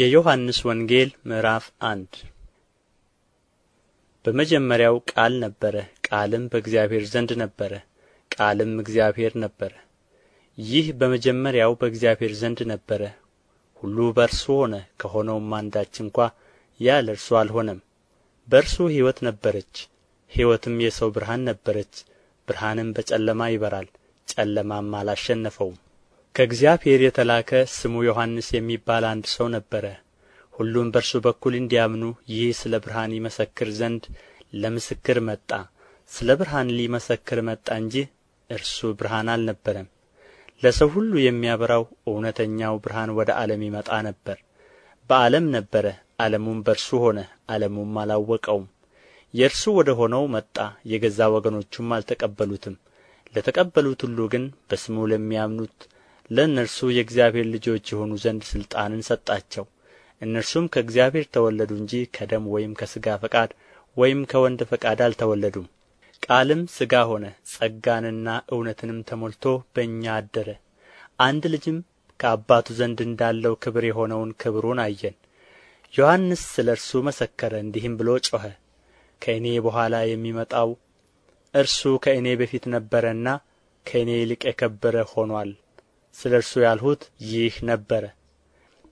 የዮሐንስ ወንጌል ምዕራፍ አንድ በመጀመሪያው ቃል ነበረ፣ ቃልም በእግዚአብሔር ዘንድ ነበረ፣ ቃልም እግዚአብሔር ነበረ። ይህ በመጀመሪያው በእግዚአብሔር ዘንድ ነበረ። ሁሉ በእርሱ ሆነ፣ ከሆነውም አንዳች እንኳ ያለ እርሱ አልሆነም። በእርሱ ሕይወት ነበረች፣ ሕይወትም የሰው ብርሃን ነበረች። ብርሃንም በጨለማ ይበራል፣ ጨለማም አላሸነፈውም። ከእግዚአብሔር የተላከ ስሙ ዮሐንስ የሚባል አንድ ሰው ነበረ ሁሉም በእርሱ በኩል እንዲያምኑ ይህ ስለ ብርሃን ይመሰክር ዘንድ ለምስክር መጣ ስለ ብርሃን ሊመሰክር መጣ እንጂ እርሱ ብርሃን አልነበረም ለሰው ሁሉ የሚያበራው እውነተኛው ብርሃን ወደ ዓለም ይመጣ ነበር በዓለም ነበረ ዓለሙም በርሱ ሆነ ዓለሙም አላወቀውም የእርሱ ወደ ሆነው መጣ የገዛ ወገኖቹም አልተቀበሉትም ለተቀበሉት ሁሉ ግን በስሙ ለሚያምኑት ለእነርሱ የእግዚአብሔር ልጆች የሆኑ ዘንድ ሥልጣንን ሰጣቸው እነርሱም ከእግዚአብሔር ተወለዱ እንጂ ከደም ወይም ከሥጋ ፈቃድ ወይም ከወንድ ፈቃድ አልተወለዱም ቃልም ሥጋ ሆነ ጸጋንና እውነትንም ተሞልቶ በእኛ አደረ አንድ ልጅም ከአባቱ ዘንድ እንዳለው ክብር የሆነውን ክብሩን አየን ዮሐንስ ስለ እርሱ መሰከረ እንዲህም ብሎ ጮኸ ከእኔ በኋላ የሚመጣው እርሱ ከእኔ በፊት ነበረና ከእኔ ይልቅ የከበረ ሆኗል። ስለ እርሱ ያልሁት ይህ ነበረ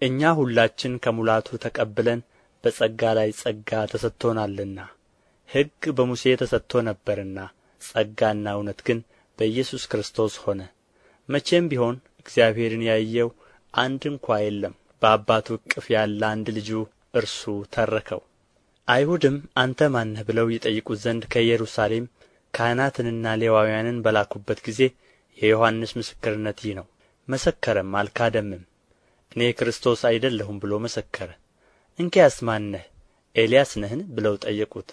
እኛ ሁላችን ከሙላቱ ተቀብለን በጸጋ ላይ ጸጋ ተሰጥቶናልና ሕግ በሙሴ ተሰጥቶ ነበርና ጸጋና እውነት ግን በኢየሱስ ክርስቶስ ሆነ። መቼም ቢሆን እግዚአብሔርን ያየው አንድ እንኳ የለም። በአባቱ እቅፍ ያለ አንድ ልጁ እርሱ ተረከው። አይሁድም አንተ ማነህ ብለው ይጠይቁት ዘንድ ከኢየሩሳሌም ካህናትንና ሌዋውያንን በላኩበት ጊዜ የዮሐንስ ምስክርነት ይህ ነው መሰከረም አልካደምም እኔ ክርስቶስ አይደለሁም ብሎ መሰከረ እንኪያስ ማን ነህ ኤልያስ ነህን ብለው ጠየቁት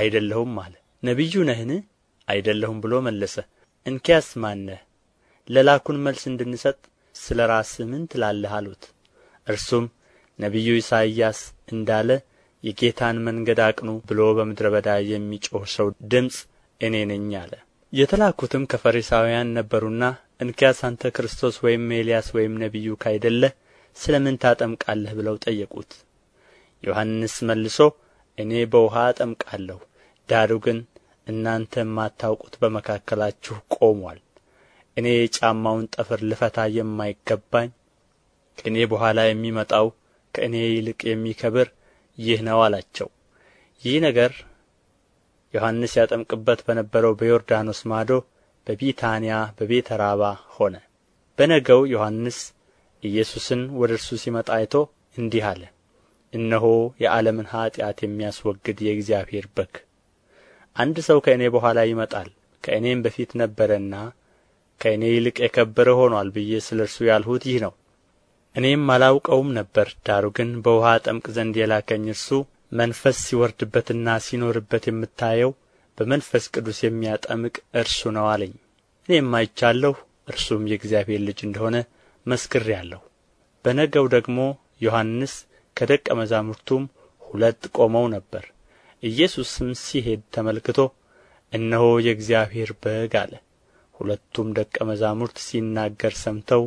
አይደለሁም አለ ነቢዩ ነህን አይደለሁም ብሎ መለሰ እንኪያስ ማን ነህ ለላኩን መልስ እንድንሰጥ ስለ ራስህ ምን ትላለህ አሉት እርሱም ነቢዩ ኢሳይያስ እንዳለ የጌታን መንገድ አቅኑ ብሎ በምድረ በዳ የሚጮኽ ሰው ድምፅ እኔ ነኝ አለ የተላኩትም ከፈሪሳውያን ነበሩና እንኪያስ አንተ ክርስቶስ ወይም ኤልያስ ወይም ነቢዩ ካይደለህ ስለ ምን ታጠምቃለህ ብለው ጠየቁት ዮሐንስ መልሶ እኔ በውሃ አጠምቃለሁ ዳሩ ግን እናንተ የማታውቁት በመካከላችሁ ቆሟል። እኔ የጫማውን ጠፍር ልፈታ የማይገባኝ ከእኔ በኋላ የሚመጣው ከእኔ ይልቅ የሚከብር ይህ ነው አላቸው። ይህ ነገር ዮሐንስ ያጠምቅበት በነበረው በዮርዳኖስ ማዶ በቢታንያ በቤተ ራባ ሆነ። በነገው ዮሐንስ ኢየሱስን ወደ እርሱ ሲመጣ አይቶ እንዲህ አለ፣ እነሆ የዓለምን ኃጢአት የሚያስወግድ የእግዚአብሔር በግ። አንድ ሰው ከእኔ በኋላ ይመጣል፣ ከእኔም በፊት ነበረና ከእኔ ይልቅ የከበረ ሆኗል ብዬ ስለ እርሱ ያልሁት ይህ ነው። እኔም አላውቀውም ነበር፣ ዳሩ ግን በውኃ ጠምቅ ዘንድ የላከኝ እርሱ መንፈስ ሲወርድበትና ሲኖርበት የምታየው በመንፈስ ቅዱስ የሚያጠምቅ እርሱ ነው አለኝ እኔም አይቻለሁ እርሱም የእግዚአብሔር ልጅ እንደሆነ ሆነ መስክሬአለሁ በነገው ደግሞ ዮሐንስ ከደቀ መዛሙርቱም ሁለት ቆመው ነበር ኢየሱስም ሲሄድ ተመልክቶ እነሆ የእግዚአብሔር በግ አለ ሁለቱም ደቀ መዛሙርት ሲናገር ሰምተው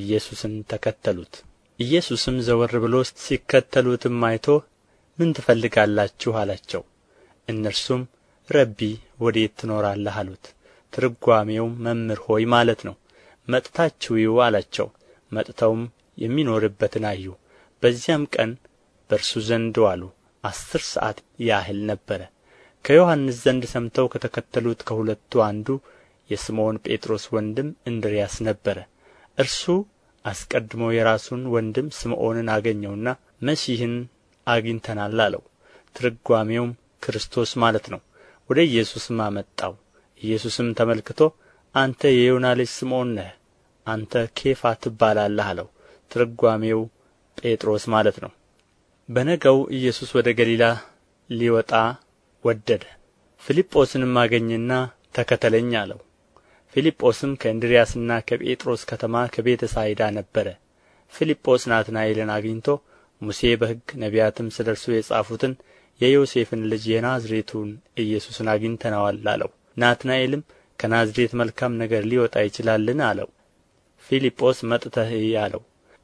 ኢየሱስን ተከተሉት ኢየሱስም ዘወር ብሎ ሲከተሉትም አይቶ ምን ትፈልጋላችሁ አላቸው እነርሱም ረቢ ወዴት ትኖራለህ አሉት ትርጓሜውም መምህር ሆይ ማለት ነው መጥታችሁ ይው አላቸው መጥተውም የሚኖርበትን አዩ በዚያም ቀን በእርሱ ዘንድ ዋሉ አስር ሰዓት ያህል ነበረ ከዮሐንስ ዘንድ ሰምተው ከተከተሉት ከሁለቱ አንዱ የስምዖን ጴጥሮስ ወንድም እንድርያስ ነበረ እርሱ አስቀድሞ የራሱን ወንድም ስምዖንን አገኘውና መሲህን አግኝተናል አለው ትርጓሜውም ክርስቶስ ማለት ነው ወደ ኢየሱስም አመጣው ኢየሱስም ተመልክቶ አንተ የዮና ልጅ ስምዖን ነህ አንተ ኬፋ ትባላለህ አለው ትርጓሜው ጴጥሮስ ማለት ነው በነገው ኢየሱስ ወደ ገሊላ ሊወጣ ወደደ ፊልጶስንም አገኘና ተከተለኝ አለው ፊልጶስም ከእንድርያስና ከጴጥሮስ ከተማ ከቤተ ሳይዳ ነበረ ፊልጶስ ናትናኤልን አግኝቶ ሙሴ በሕግ ነቢያትም ስለ እርሱ የጻፉትን የዮሴፍን ልጅ የናዝሬቱን ኢየሱስን አግኝተነዋል አለው ናትናኤልም ከናዝሬት መልካም ነገር ሊወጣ ይችላልን አለው ፊልጶስ መጥተህ እይ አለው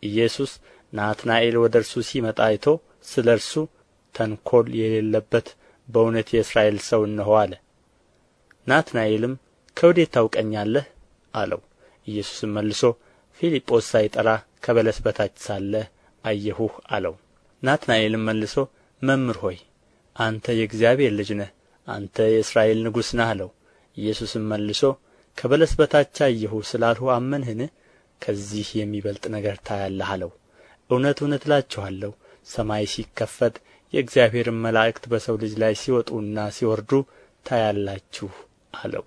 ኢየሱስ ናትናኤል ወደ እርሱ ሲመጣ አይቶ ስለ እርሱ ተንኰል የሌለበት በእውነት የእስራኤል ሰው እነሆ አለ ናትናኤልም ከወዴት ታውቀኛለህ አለው ኢየሱስም መልሶ ፊልጶስ ሳይጠራ ከበለስ በታች ሳለህ አየሁህ አለው ናትናኤልም መልሶ መምህር ሆይ አንተ የእግዚአብሔር ልጅ ነህ አንተ የእስራኤል ንጉሥ ነህ አለው ኢየሱስም መልሶ ከበለስ በታች አየሁ ስላልሁ አመንህን ከዚህ የሚበልጥ ነገር ታያለህ አለው እውነት እውነት እላችኋለሁ ሰማይ ሲከፈት የእግዚአብሔርን መላእክት በሰው ልጅ ላይ ሲወጡና ሲወርዱ ታያላችሁ አለው